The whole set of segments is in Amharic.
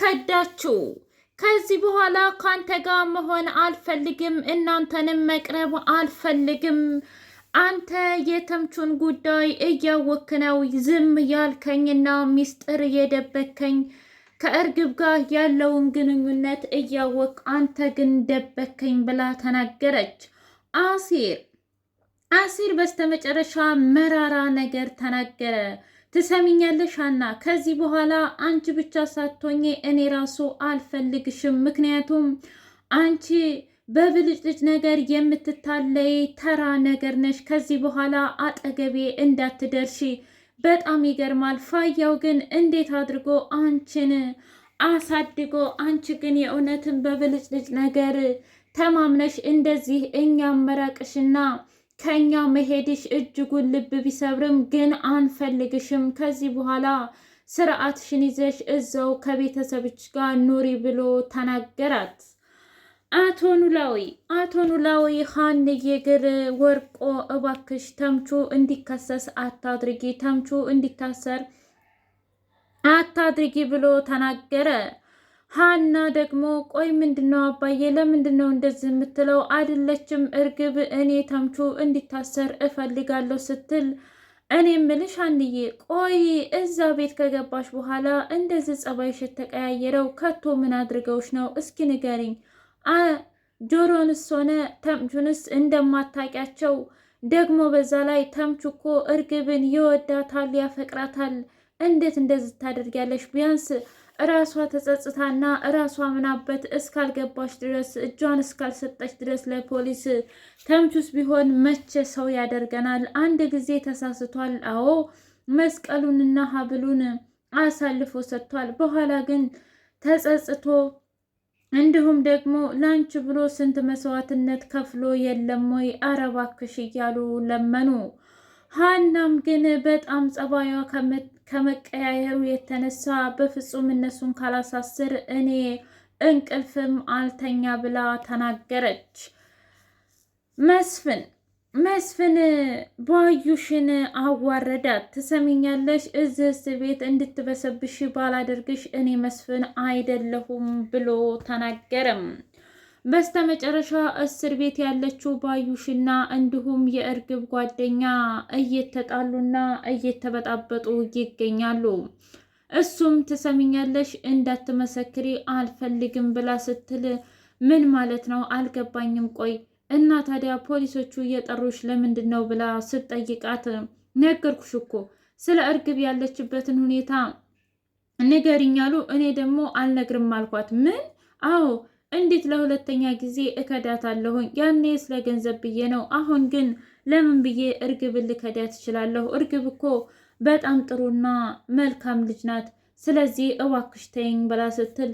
ከዳችሁ። ከዚህ በኋላ ካንተ ጋር መሆን አልፈልግም፣ እናንተንም መቅረብ አልፈልግም። አንተ የተምቹን ጉዳይ እያወክ ነው ዝም ያልከኝና ሚስጥር የደበከኝ። ከእርግብ ጋር ያለውን ግንኙነት እያወቅ አንተ ግን ደበከኝ ብላ ተናገረች። አሲር አሲር በስተመጨረሻ መራራ ነገር ተናገረ። ትሰሚኛለሽ አና ከዚህ በኋላ አንቺ ብቻ ሳትሆኚ እኔ ራሱ አልፈልግሽም። ምክንያቱም አንቺ በብልጭልጭ ነገር የምትታለይ ተራ ነገር ነሽ። ከዚህ በኋላ አጠገቤ እንዳትደርሺ። በጣም ይገርማል። ፋያው ግን እንዴት አድርጎ አንቺን አሳድጎ አንቺ ግን የእውነትን በብልጭልጭ ነገር ተማምነሽ እንደዚህ እኛም መራቅሽና ከኛ መሄድሽ እጅጉን ልብ ቢሰብርም ግን አንፈልግሽም። ከዚህ በኋላ ስርዓትሽን ይዘሽ እዛው ከቤተሰብች ጋር ኑሪ ብሎ ተናገራት። አቶ ኖላዊ አቶ ኖላዊ ሀንዬ እግር ወርቆ እባክሽ ተምቹ እንዲከሰስ አታድርጊ፣ ተምቹ እንዲታሰር አታድርጊ ብሎ ተናገረ። ሀና ደግሞ ቆይ ምንድነው አባዬ ለምንድነው እንደዚህ የምትለው? አይደለችም እርግብ እኔ ተምቹ እንዲታሰር እፈልጋለሁ ስትል እኔ ምልሽ አንዬ ቆይ እዛ ቤት ከገባሽ በኋላ እንደዚህ ጸባይሽ ተቀያየረው ከቶ ምን አድርገውሽ ነው? እስኪ ንገሪኝ። ጆሮንስ ሆነ ተምቹንስ እንደማታውቂያቸው ደግሞ በዛ ላይ ተምቹ እኮ እርግብን ይወዳታል፣ ያፈቅራታል። እንዴት እንደዚህ ታደርጊያለሽ? ቢያንስ እራሷ ተጸጽታና እራሷ ምናበት እስካልገባች ድረስ እጇን እስካልሰጠች ድረስ ለፖሊስ ተምቹስ ቢሆን መቼ ሰው ያደርገናል? አንድ ጊዜ ተሳስቷል። አዎ መስቀሉንና ሀብሉን አሳልፎ ሰጥቷል። በኋላ ግን ተጸጽቶ እንዲሁም ደግሞ ላንቺ ብሎ ስንት መስዋዕትነት ከፍሎ የለም ወይ? አረባክሽ እያሉ ለመኑ። ሀናም ግን በጣም ጸባዩዋ ከመቀያየሩ የተነሳ በፍጹም እነሱን ካላሳስር እኔ እንቅልፍም አልተኛ ብላ ተናገረች። መስፍን መስፍን ባዩሽን አዋረዳት። ትሰሚኛለሽ፣ እዚህስ ቤት እንድትበሰብሽ ባላደርግሽ እኔ መስፍን አይደለሁም ብሎ ተናገረም። በስተመጨረሻ እስር ቤት ያለችው ባዩሽና እንዲሁም የእርግብ ጓደኛ እየተጣሉና እየተበጣበጡ ይገኛሉ። እሱም ትሰሚኛለሽ፣ እንዳትመሰክሪ አልፈልግም ብላ ስትል ምን ማለት ነው አልገባኝም። ቆይ እና ታዲያ ፖሊሶቹ እየጠሩሽ ለምንድን ነው ብላ ስትጠይቃት ነገርኩሽ እኮ ስለ እርግብ ያለችበትን ሁኔታ ንገሪኝ አሉ። እኔ ደግሞ አልነግርም አልኳት። ምን? አዎ እንዴት ለሁለተኛ ጊዜ እከዳታለሁኝ? ያኔ ስለ ገንዘብ ብዬ ነው። አሁን ግን ለምን ብዬ እርግብን ልከዳት እችላለሁ? እርግብ እኮ በጣም ጥሩና መልካም ልጅ ናት። ስለዚህ እባክሽ ተይኝ ብላ ስትል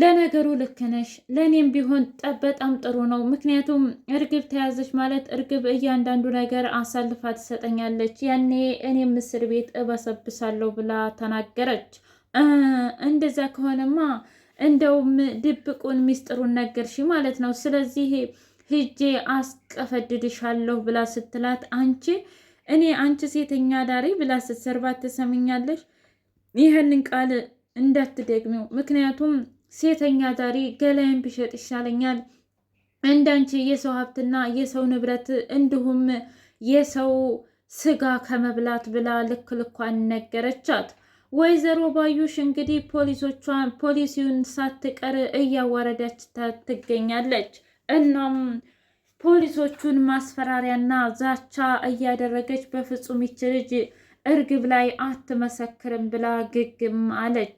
ለነገሩ ልክ ነሽ፣ ለእኔም ቢሆን በጣም ጥሩ ነው። ምክንያቱም እርግብ ተያዘች ማለት እርግብ እያንዳንዱ ነገር አሳልፋ ትሰጠኛለች፣ ያኔ እኔም እስር ቤት እበሰብሳለሁ ብላ ተናገረች። እንደዛ ከሆነማ እንደውም ድብቁን ሚስጥሩን ነገርሽ ማለት ነው። ስለዚህ ሂጄ አስቀፈድድሻለሁ ብላ ስትላት አንቺ እኔ አንቺ ሴተኛ ዳሪ ብላ ስትሰርባት ትሰምኛለሽ። ይህንን ቃል እንዳትደግሚው፣ ምክንያቱም ሴተኛ ዳሪ ገላይን ብሸጥ ይሻለኛል እንዳንቺ የሰው ሀብትና የሰው ንብረት እንዲሁም የሰው ስጋ ከመብላት ብላ ልክ ልኳን ነገረቻት። ወይዘሮ ባዩሽ እንግዲህ ፖሊሶቿን ፖሊሲውን ሳትቀር እያወረደች ትገኛለች። እናም ፖሊሶቹን ማስፈራሪያና ዛቻ እያደረገች በፍጹም ይች ልጅ እርግብ ላይ አትመሰክርም ብላ ግግም አለች።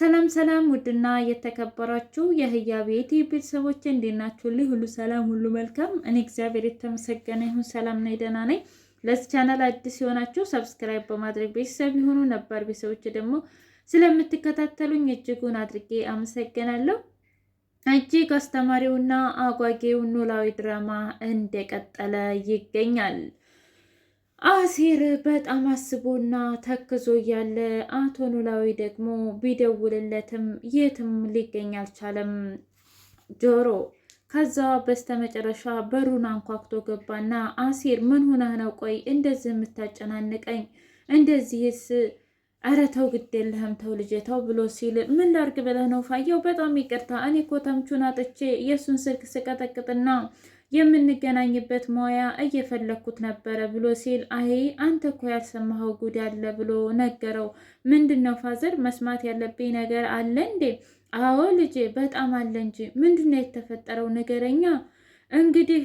ሰላም ሰላም! ውድና የተከበራችሁ የህያ ቤቲ ቤተሰቦች እንዴት ናችሁልኝ? ሁሉ ሰላም፣ ሁሉ መልካም። እኔ እግዚአብሔር የተመሰገነ ይሁን ሰላም ነኝ፣ ደህና ነኝ። ለዚህ ቻናል አዲስ የሆናችሁ ሰብስክራይብ በማድረግ ቤተሰብ የሆኑ ነባር ቤተሰቦች ደግሞ ስለምትከታተሉኝ እጅጉን አድርጌ አመሰግናለሁ። እጅግ አስተማሪውና አጓጌው ኖላዊ ድራማ እንደቀጠለ ይገኛል። አሲር በጣም አስቦና ተክዞ እያለ አቶ ኖላዊ ደግሞ ቢደውልለትም የትም ሊገኝ አልቻለም። ጆሮ ከዛ በስተመጨረሻ በሩን አንኳኩቶ ገባና አሲር ምን ሆነህ ነው? ቆይ እንደዚህ የምታጨናንቀኝ እንደዚህስ ኧረ ተው ግድ የለህም ተው ልጄ ተው ብሎ ሲል ምን ላርግ ብለህ ነው ፋየው? በጣም ይቅርታ እኔ እኮ ተምቹን አጥቼ የእሱን ስልክ ስቀጠቅጥና የምንገናኝበት ሙያ እየፈለግኩት ነበረ ብሎ ሲል አይ አንተ እኮ ያልሰማኸው ጉድ አለ ብሎ ነገረው። ምንድን ነው ፋዘር መስማት ያለብኝ ነገር አለ እንዴ? አዎ ልጄ በጣም አለ እንጂ ምንድን ነው የተፈጠረው? ነገረኛ እንግዲህ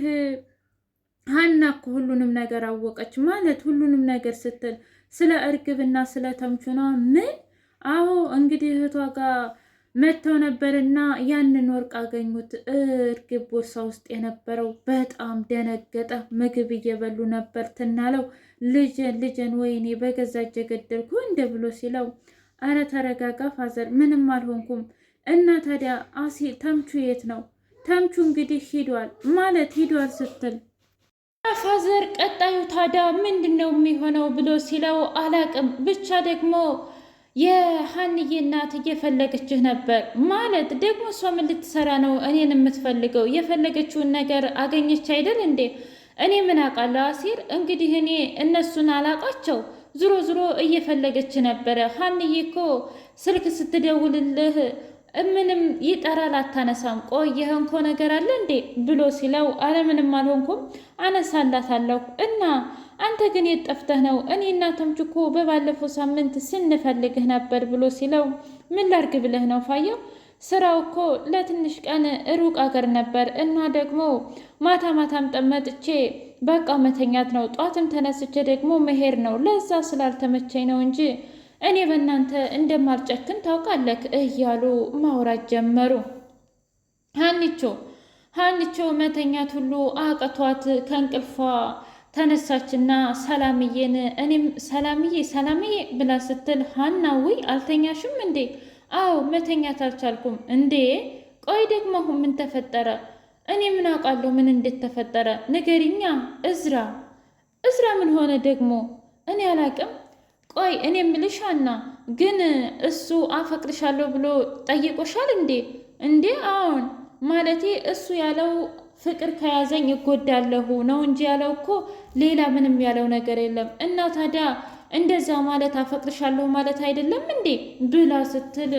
ሀና እኮ ሁሉንም ነገር አወቀች ማለት ሁሉንም ነገር ስትል ስለ እርግብና ስለ ተምቹና ምን? አዎ እንግዲህ እህቷ ጋር መጥተው ነበርና ያንን ወርቅ አገኙት። እርግብ ቦርሳ ውስጥ የነበረው በጣም ደነገጠ። ምግብ እየበሉ ነበር። ትናለው ልጄን ልጄን ወይኔ በገዛ እጄ ገደልኩ እንደ ብሎ ሲለው፣ አረ ተረጋጋ ፋዘር፣ ምንም አልሆንኩም እና ታዲያ አሴ ተምቹ የት ነው? ተምቹ እንግዲህ ሂዷል ማለት ሂዷል ስትል ፋዘር ቀጣዩ ታዲያ ምንድን ነው የሚሆነው ብሎ ሲለው አላቅም ብቻ ደግሞ የሀንዬ እናት እየፈለገችህ ነበር ማለት ደግሞ እሷ ምን ልትሰራ ነው እኔን የምትፈልገው? የፈለገችውን ነገር አገኘች አይደል እንዴ? እኔ ምን አውቃለሁ አሲር፣ እንግዲህ እኔ እነሱን አላቃቸው ዝሮ ዝሮ እየፈለገች ነበረ። ሀንዬ እኮ ስልክ ስትደውልልህ ምንም ይጠራል አታነሳም። ቆየህ እንኮ ነገር አለ እንዴ ብሎ ሲለው አረ ምንም አልሆንኩም አነሳላታለሁ። እና አንተ ግን የጠፍተህ ነው? እኔ እና እኮ በባለፈው ሳምንት ስንፈልግህ ነበር ብሎ ሲለው ምን ላርግ ብለህ ነው ፋየው? ስራው እኮ ለትንሽ ቀን ሩቅ አገር ነበር እና ደግሞ ማታ ማታም ጠመጥቼ በቃ መተኛት ነው። ጧትም ተነስቼ ደግሞ መሄድ ነው። ለዛ ስላልተመቸኝ ነው እንጂ እኔ በእናንተ እንደማልጨክን ታውቃለህ እያሉ ማውራት ጀመሩ። ሀኒቾ ሀኒቾ መተኛት ሁሉ አቀቷት ከእንቅልፏ ተነሳችና ሰላምዬን እኔም ሰላምዬ ሰላምዬ ብላ ስትል ሀናዊ አልተኛሽም እንዴ? አዎ መተኛት አልቻልኩም። እንዴ ቆይ ደግሞ ምን ተፈጠረ? እኔ ምን አውቃለሁ ምን እንዴት ተፈጠረ? ንገሪኛ እዝራ እዝራ ምን ሆነ ደግሞ? እኔ አላቅም ቆይ እኔ ምልሻና ግን እሱ አፈቅርሻለሁ ብሎ ጠይቆሻል እንዴ? እንዴ አሁን ማለቴ እሱ ያለው ፍቅር ከያዘኝ እጎዳለሁ ነው እንጂ ያለው እኮ ሌላ ምንም ያለው ነገር የለም። እና ታዲያ እንደዛ ማለት አፈቅርሻለሁ ማለት አይደለም እንዴ ብላ ስትል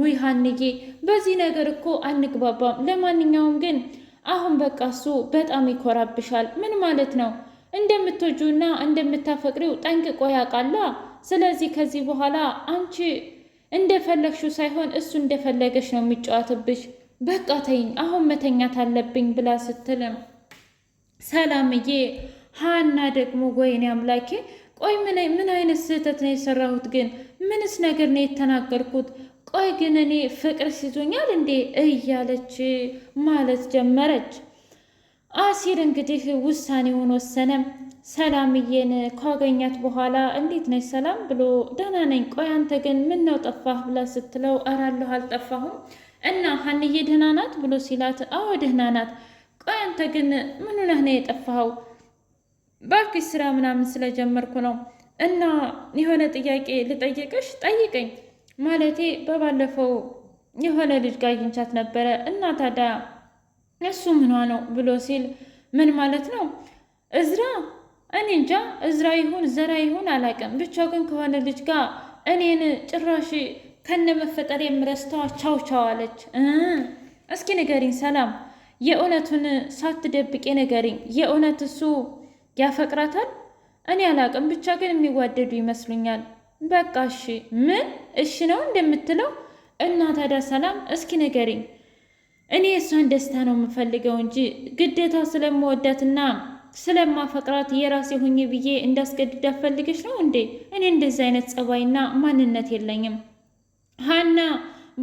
ውይ ሀንጌ፣ በዚህ ነገር እኮ አንግባባም። ለማንኛውም ግን አሁን በቃ እሱ በጣም ይኮራብሻል። ምን ማለት ነው? እንደምትወጂውና እንደምታፈቅሪው ጠንቅቆ ያውቃላ ስለዚህ ከዚህ በኋላ አንቺ እንደፈለግሽው ሳይሆን እሱ እንደፈለገሽ ነው የሚጫወትብሽ። በቃ ተይኝ፣ አሁን መተኛት አለብኝ ብላ ስትልም ሰላምዬ ሀና ደግሞ ወይኔ አምላኬ ቆይ ምን አይነት ስህተት ነው የሰራሁት? ግን ምንስ ነገር ነው የተናገርኩት? ቆይ ግን እኔ ፍቅር ሲዞኛል እንዴ? እያለች ማለት ጀመረች። አሲር እንግዲህ ውሳኔውን ወሰነም። ሰላምዬን ካገኛት በኋላ እንዴት ነች ሰላም ብሎ ደህና ነኝ፣ ቆይ አንተ ግን ምን ነው ጠፋህ ብላ ስትለው እራለሁ አልጠፋሁም እና ሀንዬ ደህና ናት ብሎ ሲላት አዎ ደህና ናት። ቆይ አንተ ግን ምን ሆነህ ነው የጠፋኸው? ባክሽ ስራ ምናምን ስለጀመርኩ ነው እና የሆነ ጥያቄ ልጠየቀሽ። ጠይቀኝ። ማለቴ በባለፈው የሆነ ልጅ ጋር አግኝቻት ነበረ እና ታዲያ እሱ ምኗ ነው ብሎ ሲል ምን ማለት ነው እዝራ እኔ እንጃ እዝራ ይሁን ዘራ ይሁን አላውቅም። ብቻ ግን ከሆነ ልጅ ጋር እኔን ጭራሽ ከነ መፈጠር የምረስተው ቻው ቻው አለች። እስኪ ንገሪኝ ሰላም፣ የእውነቱን ሳትደብቄ ንገሪኝ። የእውነት እሱ ያፈቅራታል? እኔ አላውቅም። ብቻ ግን የሚዋደዱ ይመስሉኛል። በቃ እሺ። ምን እሺ ነው እንደምትለው? እና ታዲያ ሰላም እስኪ ንገሪኝ። እኔ የእሷን ደስታ ነው የምፈልገው እንጂ ግዴታ ስለምወዳትና ስለማፈቅራት የራሴ ሁኝ ብዬ እንዳስገድዳ አፈልገች ነው እንዴ? እኔ እንደዚህ አይነት ጸባይና ማንነት የለኝም። ሀና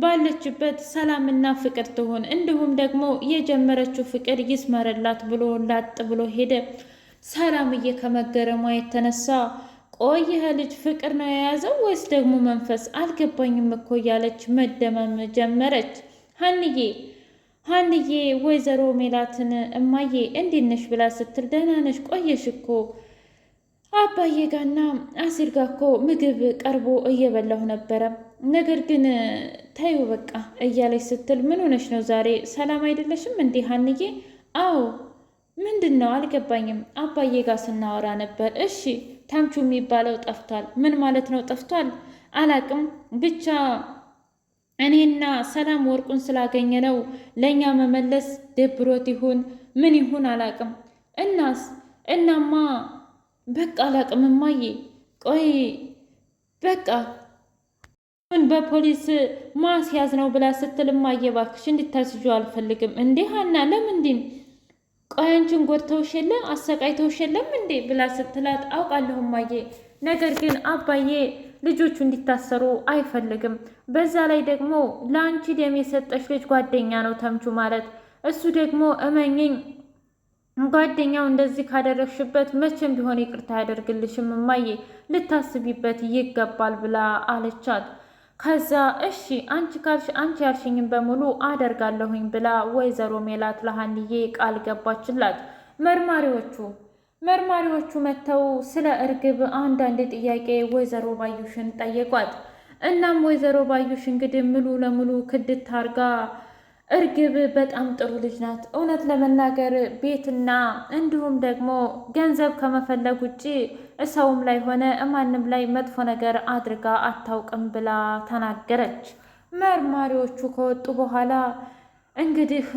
ባለችበት ሰላምና ፍቅር ትሆን፣ እንዲሁም ደግሞ የጀመረችው ፍቅር ይስመረላት ብሎ ላጥ ብሎ ሄደ። ሰላምዬ ከመገረሟ የተነሳ ቆየህ ልጅ ፍቅር ነው የያዘው ወይስ ደግሞ መንፈስ አልገባኝም እኮ እያለች መደመም ጀመረች። ሀንዬ ሀንዬ ወይዘሮ ሜላትን እማዬ እንዴት ነሽ ብላ ስትል ደህና ነሽ ቆየሽ እኮ አባዬ ጋና አሲር ጋ እኮ ምግብ ቀርቦ እየበላሁ ነበረ ነገር ግን ተይው በቃ እያለች ስትል ምን ሆነሽ ነው ዛሬ ሰላም አይደለሽም እንዴ ሀንዬ አዎ ምንድን ነው አልገባኝም አባዬ ጋር ስናወራ ነበር እሺ ታምቹ የሚባለው ጠፍቷል ምን ማለት ነው ጠፍቷል አላቅም ብቻ እኔና ሰላም ወርቁን ስላገኘ ነው ለእኛ መመለስ ደብሮት ይሁን ምን ይሁን አላቅም። እናስ እናማ በቃ አላቅም። እማዬ ቆይ በቃ ምን በፖሊስ ማስያዝ ነው ብላ ስትል እማዬ እባክሽ እንድታስዩ አልፈልግም። እንዴ ሀና ለምንድን ቆይ ጎድተውሽ የለም አሰቃይተውሽ የለም እንዴ ብላ ስትላት አውቃለሁ እማዬ ነገር ግን አባዬ ልጆቹ እንዲታሰሩ አይፈልግም። በዛ ላይ ደግሞ ለአንቺ ደም ልጅ ጓደኛ ነው ተምቹ ማለት። እሱ ደግሞ እመኝኝ ጓደኛው እንደዚህ ካደረግሽበት መቼም ቢሆን ይቅርታ ያደርግልሽም እማዬ፣ ልታስቢበት ይገባል ብላ አለቻት። ከዛ እሺ አንቺ ካልሽ አንቺ ያልሽኝም በሙሉ አደርጋለሁኝ ብላ ወይዘሮ ሜላት ለሀንዬ ቃል ገባችላት። መርማሪዎቹ መርማሪዎቹ መጥተው ስለ እርግብ አንዳንድ ጥያቄ ወይዘሮ ባዩሽን ጠየቋት። እናም ወይዘሮ ባዩሽ እንግዲህ ሙሉ ለሙሉ ክድት አርጋ እርግብ በጣም ጥሩ ልጅ ናት። እውነት ለመናገር ቤትና እንዲሁም ደግሞ ገንዘብ ከመፈለግ ውጭ እሰውም ላይ ሆነ ማንም ላይ መጥፎ ነገር አድርጋ አታውቅም ብላ ተናገረች። መርማሪዎቹ ከወጡ በኋላ እንግዲህ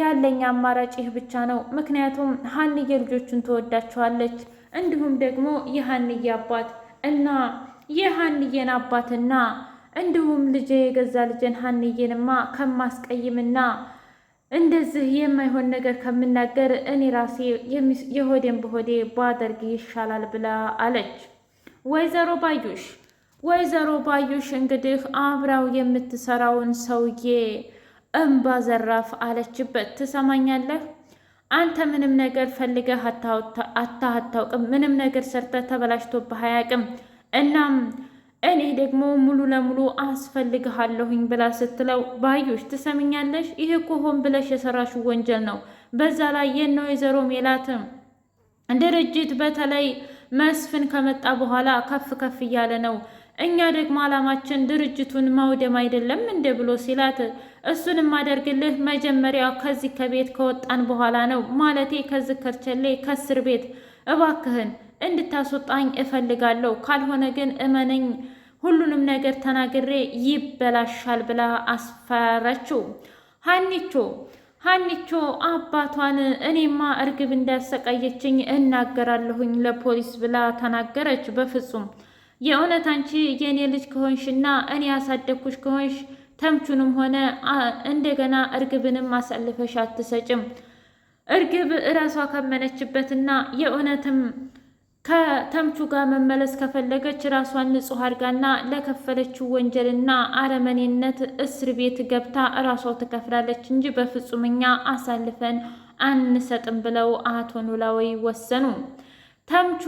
ያለኝ አማራጭ ይህ ብቻ ነው። ምክንያቱም ሀንዬ ልጆቹን ትወዳቸዋለች፣ እንዲሁም ደግሞ የሀንዬ አባት እና የሀንዬን አባትና እንዲሁም ልጄ የገዛ ልጄን ሀንዬንማ ከማስቀይምና እንደዚህ የማይሆን ነገር ከምናገር እኔ ራሴ የሆዴን በሆዴ ባደርግ ይሻላል ብላ አለች ወይዘሮ ባዩሽ። ወይዘሮ ባዩሽ እንግዲህ አብራው የምትሰራውን ሰውዬ እምባ ዘራፍ አለችበት። ትሰማኛለህ? አንተ ምንም ነገር ፈልገህ አታ አታውቅም። ምንም ነገር ሰርተህ ተበላሽቶብህ አያውቅም። እናም እኔ ደግሞ ሙሉ ለሙሉ አስፈልግሃለሁኝ ብላ ስትለው፣ ባዩሽ ትሰምኛለሽ? ይህ እኮ ሆን ብለሽ የሰራሽው ወንጀል ነው። በዛ ላይ የነ ወይዘሮ ሜላት ድርጅት በተለይ መስፍን ከመጣ በኋላ ከፍ ከፍ እያለ ነው እኛ ደግሞ አላማችን ድርጅቱን ማውደም አይደለም እንደ ብሎ ሲላት እሱን የማደርግልህ መጀመሪያ ከዚህ ከቤት ከወጣን በኋላ ነው። ማለቴ ከዚህ ከርቸሌ ከእስር ቤት እባክህን እንድታስወጣኝ እፈልጋለሁ። ካልሆነ ግን እመነኝ ሁሉንም ነገር ተናግሬ ይበላሻል ብላ አስፈራችው ሀኒቾ ሀኒቾ አባቷን እኔማ እርግብ እንዳሰቃየችኝ እናገራለሁኝ ለፖሊስ ብላ ተናገረች። በፍጹም የእውነት አንቺ የእኔ ልጅ ከሆንሽና እኔ ያሳደግኩሽ ከሆንሽ ተምቹንም ሆነ እንደገና እርግብንም አሳልፈሽ አትሰጭም። እርግብ እራሷ ካመነችበትና የእውነትም ከተምቹ ጋር መመለስ ከፈለገች ራሷን ንጹሕ አድርጋና ለከፈለችው ወንጀልና አረመኔነት እስር ቤት ገብታ እራሷው ትከፍላለች እንጂ በፍጹም እኛ አሳልፈን አንሰጥም ብለው አቶ ኖላዊ ወሰኑ። ተምቹ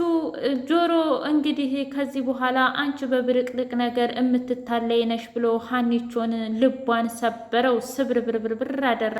ጆሮ እንግዲህ ከዚህ በኋላ አንቺ በብርቅርቅ ነገር የምትታለይ ነሽ ብሎ ሀኒቾን ልቧን ሰበረው፣ ስብርብርብርብር አደረ።